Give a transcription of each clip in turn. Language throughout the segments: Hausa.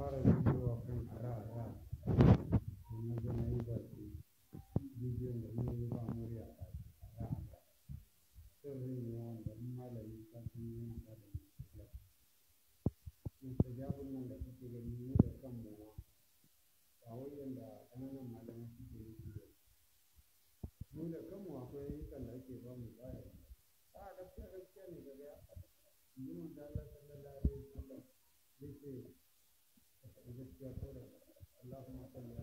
fara bidiyo kan ara-ara na zo na yi baki bidiyon da na yi ba murya a ara sai zai yi wanda in malami ta sun yi na ba da mustajab nan da kuke gani ne da kan mawa ba wai yanda ƙananan malamai suke yi su yau mu da kanmu akwai ayyukan da ake ba mu baya a gaskiya gaskiya ne daga Yi mun da sallallahu alaihi wasallam zai ce اللہ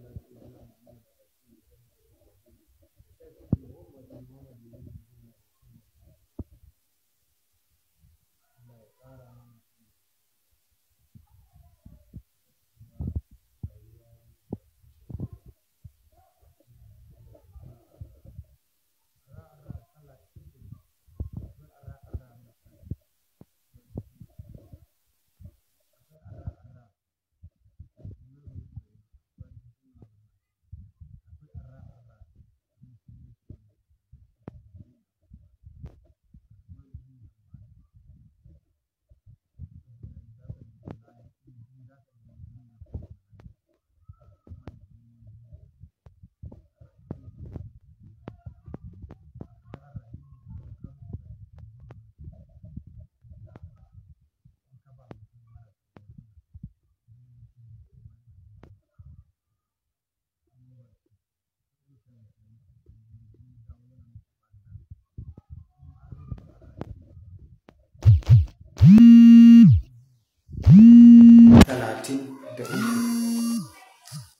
talatin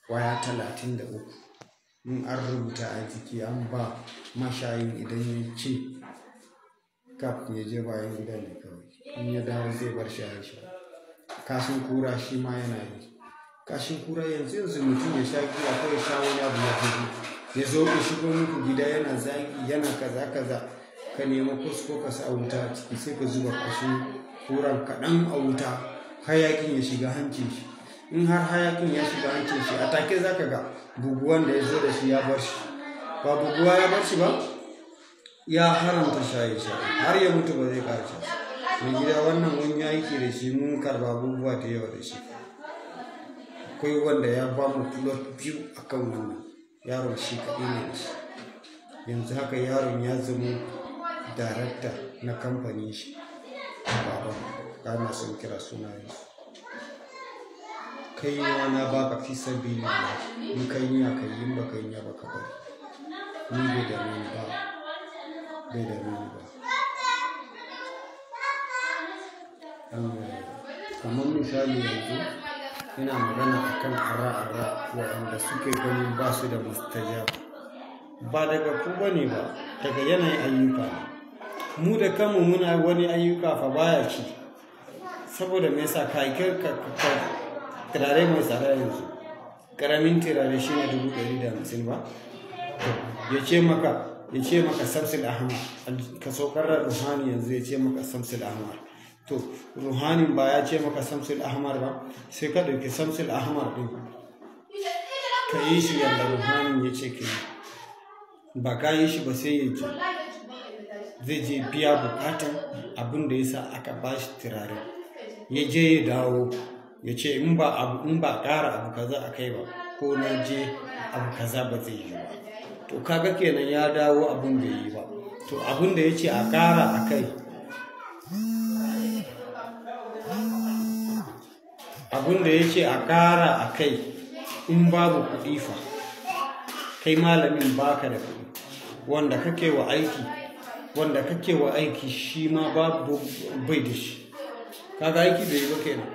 kwaya talatin da uku in an rubuta a jiki an ba mashayin idan ya ce kaf ya je bayan gida ne kawai in ya dawo zai bar shaye shaye kashin kura shi ma yana yi kashin kura yanzu yanzu mutum ya sha giya ko ya sha wani abu ya fi ya zo ku shigo muku gida yana zagi yana kaza kaza ka nemi kusko ka sa wuta a ciki sai ka zuba kashin kuran kaɗan a wuta hayakin ya shiga hancin shi in har hayakin ya shiga hancin shi a take za ka ga buguwan da ya zo da shi ya bar shi ba buguwa ya bar shi ba ya haramta shaye shaye har ya mutu ba zai kara shi? mai gida wannan wani aiki da shi mun karba abubuwa da yawa da shi akwai wanda ya ba mu plot biyu kan wannan yaron shi kaɗai ne da shi yanzu haka yaron ya zama darakta na kamfanin shi baban kana na son kira sunaye kai wana na baka fi sabili in kai ya kai yin ba kai ya baka bari ni bai da ni ba bai da ni ba kamar misali yanzu ina magana a kan ara-ara waɗanda suke gani ba su da mustajab ba daga ku ba ne ba daga yanayin ayyuka mu da kanmu muna wani ayyuka fa baya ci saboda me yasa ka ka turare mai tsada yanzu karamin turare shi ne dubu ɗari da hamsin ba ya ce maka ya ce maka samsul ahmar ka saukar ruhani yanzu ya ce maka samsul ahmar to ruhani ba ya ce maka samsul ahmar ba sai ka ɗauki samsul ahmar ɗin ka yi shi yadda ruhani ya ce kiri ba ka yi shi ba sai ya ce zai je biya bukatan abin da ya sa aka ba shi turare ya je ya dawo ya ce in ba in ba ƙara abu kaza a kai ba ko na je abu kaza ba zai yi ba to kaga kenan ya dawo abin da yi ba to abin da ya ce a ƙara a kai abin da ya ce a ƙara a kai in babu kuɗi fa kai malamin baka da kuɗi wanda kake wa aiki wanda kake wa aiki shi ma babu bai da shi kaga aiki bai yi ba kenan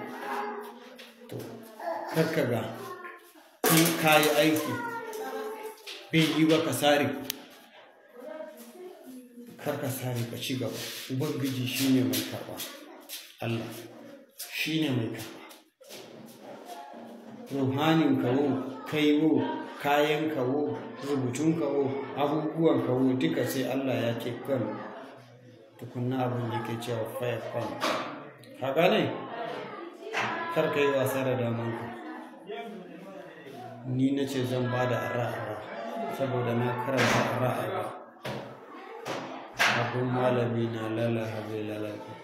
to kakkaga in ka yi aiki bai yi ba ka sare kar ka sare ka ci gaba ubangiji shi ne mai karba Allah shi ne mai karba ruhanin kawo kaiwo kayan kawo rubutun kawo abubuwan kawo duka sai Allah ya ke kan tukunna abin yake cewa fire ka gane kar yi wasa da damar ka ni na ce zan ba da ara'ara saboda na karanta ara'ara abin malami na lalaha bai lalata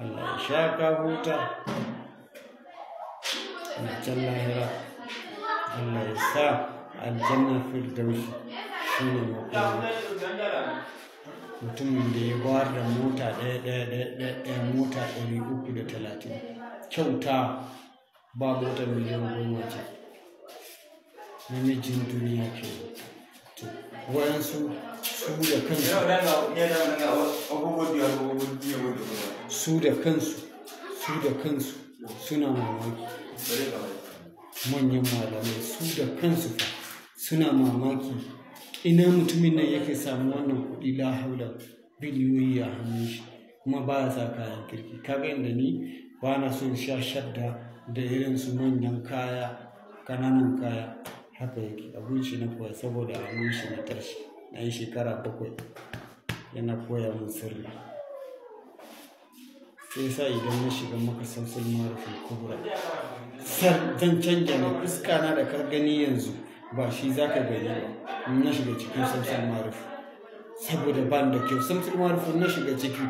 Allah ya sha ka huta na can lahira Allah ya sa aljanna firdausi shi ne mutum mutumin da ya bayar da mota ɗaya ɗaya ɗaya ɗaya mota ɗari uku da talatin kyauta ba mota miliyan goma ce namijin duniya ke to wayansu su da kansu su da kansu su da kansu suna mamaki manyan malamai su da kansu suna mamaki ina mutumin nan yake samu wannan kuɗi la haula biliyoyi a hannun shi kuma ba ya sa kayan kirki kaga inda ni ba na son sha shadda da irin su manyan kaya kananan kaya haka yake abun shi na koya saboda hannun shi na tashi na yi shekara bakwai yana koya min sirri sai sa idan na shiga maka sansul marufin kubra zan canja na fuska na da gani yanzu ba shi za ka gani ba na shiga cikin samsar maruf saboda ban da kyau samsar maruf na shiga ciki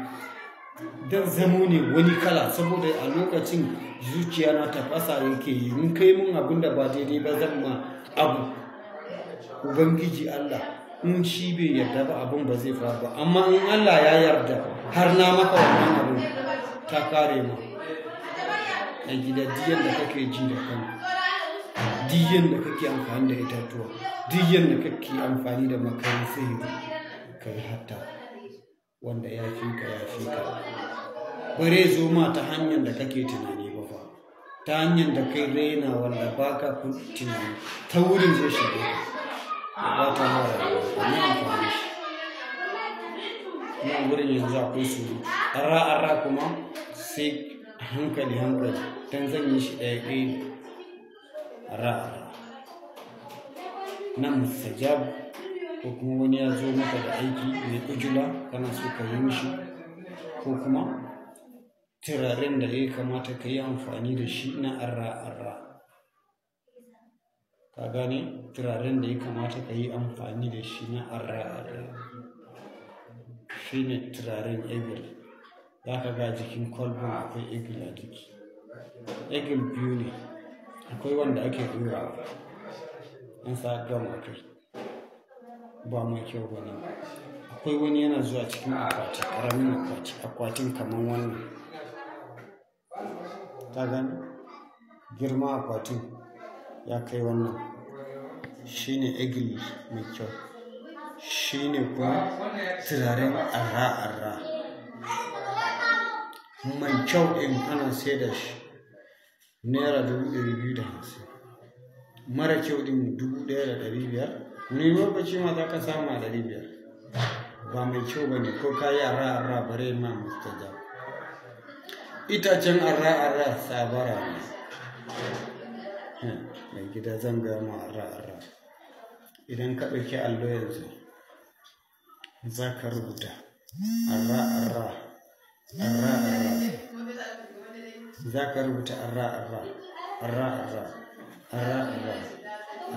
dan zamo ne wani kala saboda a lokacin zuciya na tafasa yake yi Mun kai mun abin da ba daidai ba zan ma abu ubangiji allah in shi bai yarda ba abin ba zai faru ba amma in allah ya yarda har na maka wannan abin ta kare ma a gidajiyar da kake ji da kanka diyan da kake amfani da itatuwa diyan da kake amfani da makarin sihiri yi hatta wanda ya fi ka ya fi ka bare zo ma ta hanyar da kake tunani ba fa ta hanyar da kai raina wanda ba ka tunani ta wurin zai shiga ka da ba ta mara da ni amfani shi nan wurin yanzu akwai su arra arra kuma sai hankali hankali dan zan yi shi ɗaya ɗaya ra'ara nan mustajab ko kuma wani ya zo maka da aiki mai ujula kana so ka yi mishi ko kuma turaren da ya kamata ka yi amfani da shi na arra-arra ka gane turaren da ya kamata ka yi amfani da shi na arra-arra shi ne turaren egil za ka ga jikin kwalbin akwai egil a jiki egil biyu ne akwai wanda ake an sa a kai ba mai kyau ba ne akwai wani yana zuwa cikin akwati ƙaramin akwati akwatin kamar wannan ta gani girma akwatin ya kai wannan Shi ne egili mai kyau Shi ne kuma turaren arra-arra mai kyau ɗin ana sai da shi naira dubu ɗari biyu da hamsin mara kyau ɗin dubu ɗaya da ɗari biyar wani lokaci ma za ka samu a ɗari biyar ba mai kyau ba ne ko ka yi arra arra bare ma mustaja itacen arra arra sabara ne eh, mai gida zan gaya ma arra arra idan ka ɗauki allo yanzu za ka rubuta arra arra za ka rubuta arra arra arra arra arra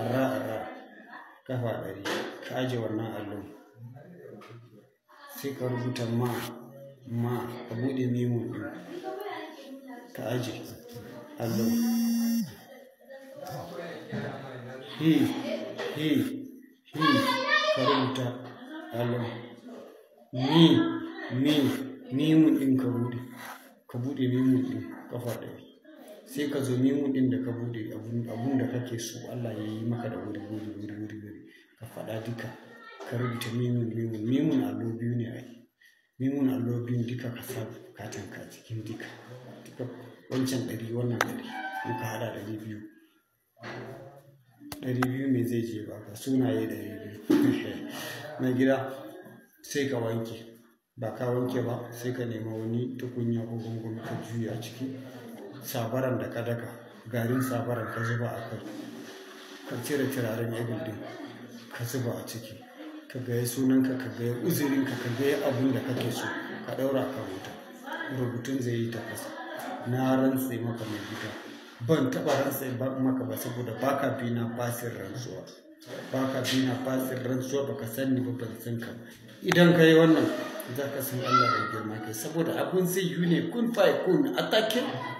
arra arra arra kafa ɗari ka aje wannan allon sai ka rubuta ma ma ka buɗe mimun ɗin ka aje allon hi hi hi ka rubuta allon ni ni Mimu ɗin ka buɗe ka buɗe memu ɗin ƙafa ɗari sai ka zo memu ɗin da ka buɗe abun da kake so Allah ya yi maka da wuri wuri wuri wuri wuri ka faɗa duka ka rubuta mimun memun memun allo biyu ne ai Mimun allo biyu duka ka sa katin ka cikin duka duka wancan ɗari wannan ɗari in ka haɗa ɗari biyu ɗari biyu me zai je ba ka sunaye ɗari biyu na gida sai ka wanke ba ka wanke ba sai ka nema wani tukunya ko gungun ka juya ciki sabaran da ka daka garin sabaran ka zuba a kai ka cire turaren egil din ka zuba a ciki ka gaya sunanka ka gaya uzurinka ka gaya abin da kake so ka daura ka wuta rubutun zai yi tafasa na rantse maka mai gida ban taɓa rantse maka ba saboda baka bi na basir rantsuwa baka bi na basir rantsuwa ba san ni ba ban san ka idan ka yi wannan za ka san Allah da girma kai saboda abun zai yi ne kun fa kun